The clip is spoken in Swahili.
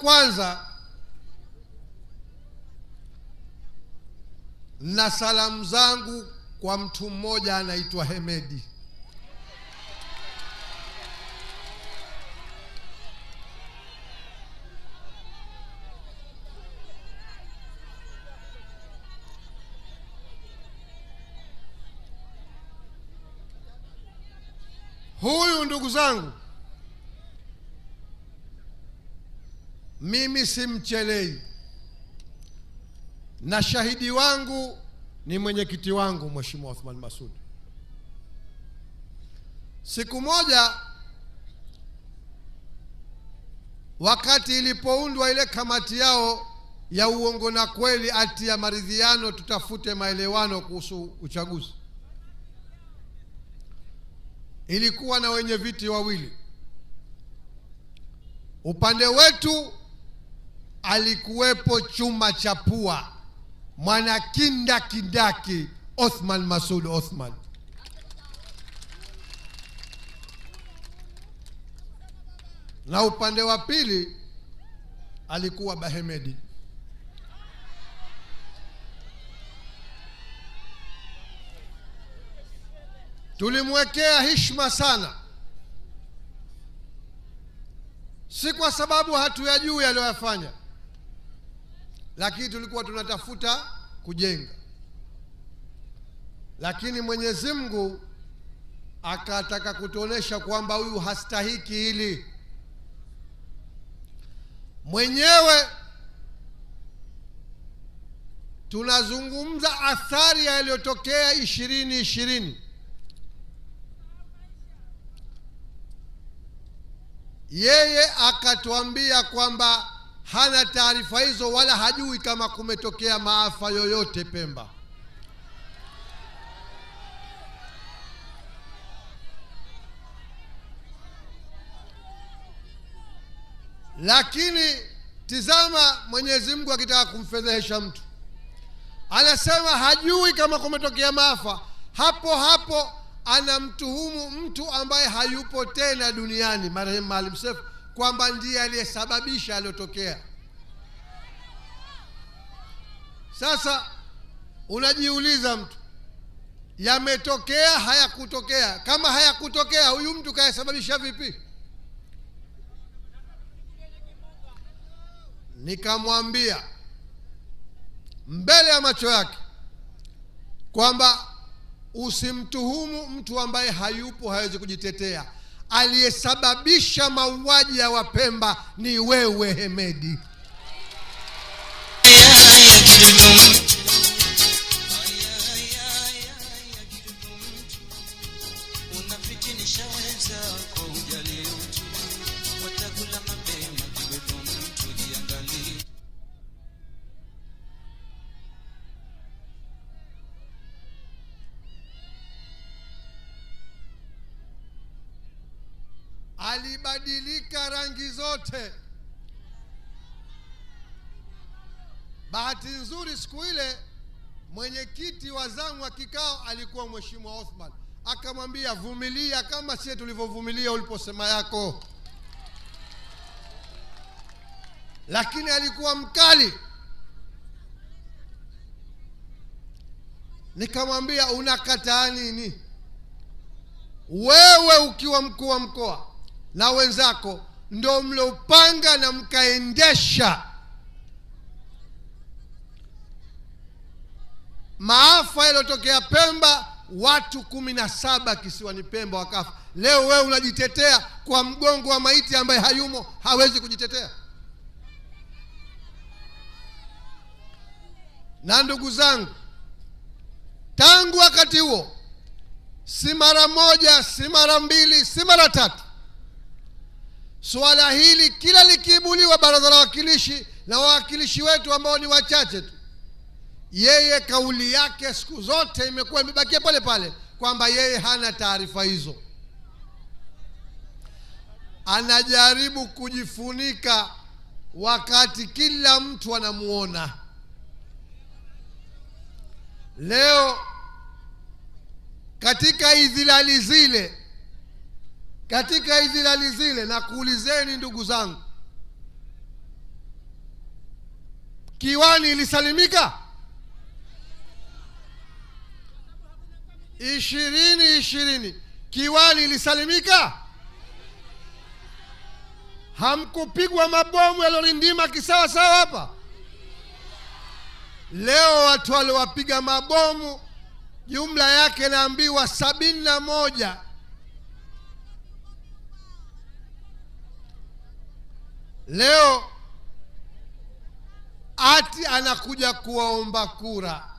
kwanza na salamu zangu kwa mtu mmoja anaitwa Hemedi. Huyu ndugu zangu mimi simchelei, na shahidi wangu ni mwenyekiti wangu Mheshimiwa Othman Masud. Siku moja wakati ilipoundwa ile kamati yao ya uongo na kweli, ati ya maridhiano, tutafute maelewano kuhusu uchaguzi, ilikuwa na wenye viti wawili upande wetu alikuwepo chuma cha pua mwana kindakindaki Othman Masud Othman. Na upande wa pili alikuwa Bahemedi. Tulimwekea heshima sana, si kwa sababu hatuyajui aliyoyafanya lakini tulikuwa tunatafuta kujenga, lakini Mwenyezi Mungu akataka kutuonesha kwamba huyu hastahiki hili. Mwenyewe tunazungumza athari yaliyotokea ishirini ishirini yeye akatuambia kwamba hana taarifa hizo wala hajui kama kumetokea maafa yoyote Pemba. Lakini tizama, Mwenyezi Mungu akitaka kumfedhehesha mtu anasema hajui kama kumetokea maafa, hapo hapo anamtuhumu mtu ambaye hayupo tena duniani, marehemu Maalim Seif kwamba ndiye aliyesababisha aliyotokea. Sasa unajiuliza mtu, yametokea hayakutokea? Kama hayakutokea, huyu mtu kayasababisha vipi? Nikamwambia mbele ya macho yake kwamba usimtuhumu mtu ambaye hayupo, hawezi kujitetea aliyesababisha mauaji ya Wapemba ni wewe Hemedi. alibadilika rangi zote. Bahati nzuri siku ile mwenyekiti wa zamu wa kikao alikuwa Mheshimiwa Othman, akamwambia vumilia, kama sie tulivyovumilia uliposema yako. Lakini alikuwa mkali, nikamwambia unakataa nini wewe ukiwa mkuu wa mkoa na wenzako ndo mlopanga na mkaendesha maafa yaliyotokea Pemba, watu kumi na saba kisiwani Pemba wakafa. Leo wewe unajitetea kwa mgongo wa maiti ambaye hayumo, hawezi kujitetea. Na ndugu zangu, tangu wakati huo si mara moja, si mara mbili, si mara tatu suala hili kila likiibuliwa baraza la wawakilishi na wawakilishi wetu ambao ni wachache tu, yeye kauli yake siku zote imekuwa imebakia pale pale kwamba yeye hana taarifa hizo, anajaribu kujifunika wakati kila mtu anamuona. Leo katika idhilali zile katika hizi lali zile, na kuulizeni ndugu zangu, Kiwani ilisalimika ishirini ishirini. Kiwani ilisalimika, hamkupigwa mabomu yalorindima kisawa sawa hapa leo. Watu waliwapiga mabomu jumla yake naambiwa sabini na moja. Leo ati anakuja kuwaomba kura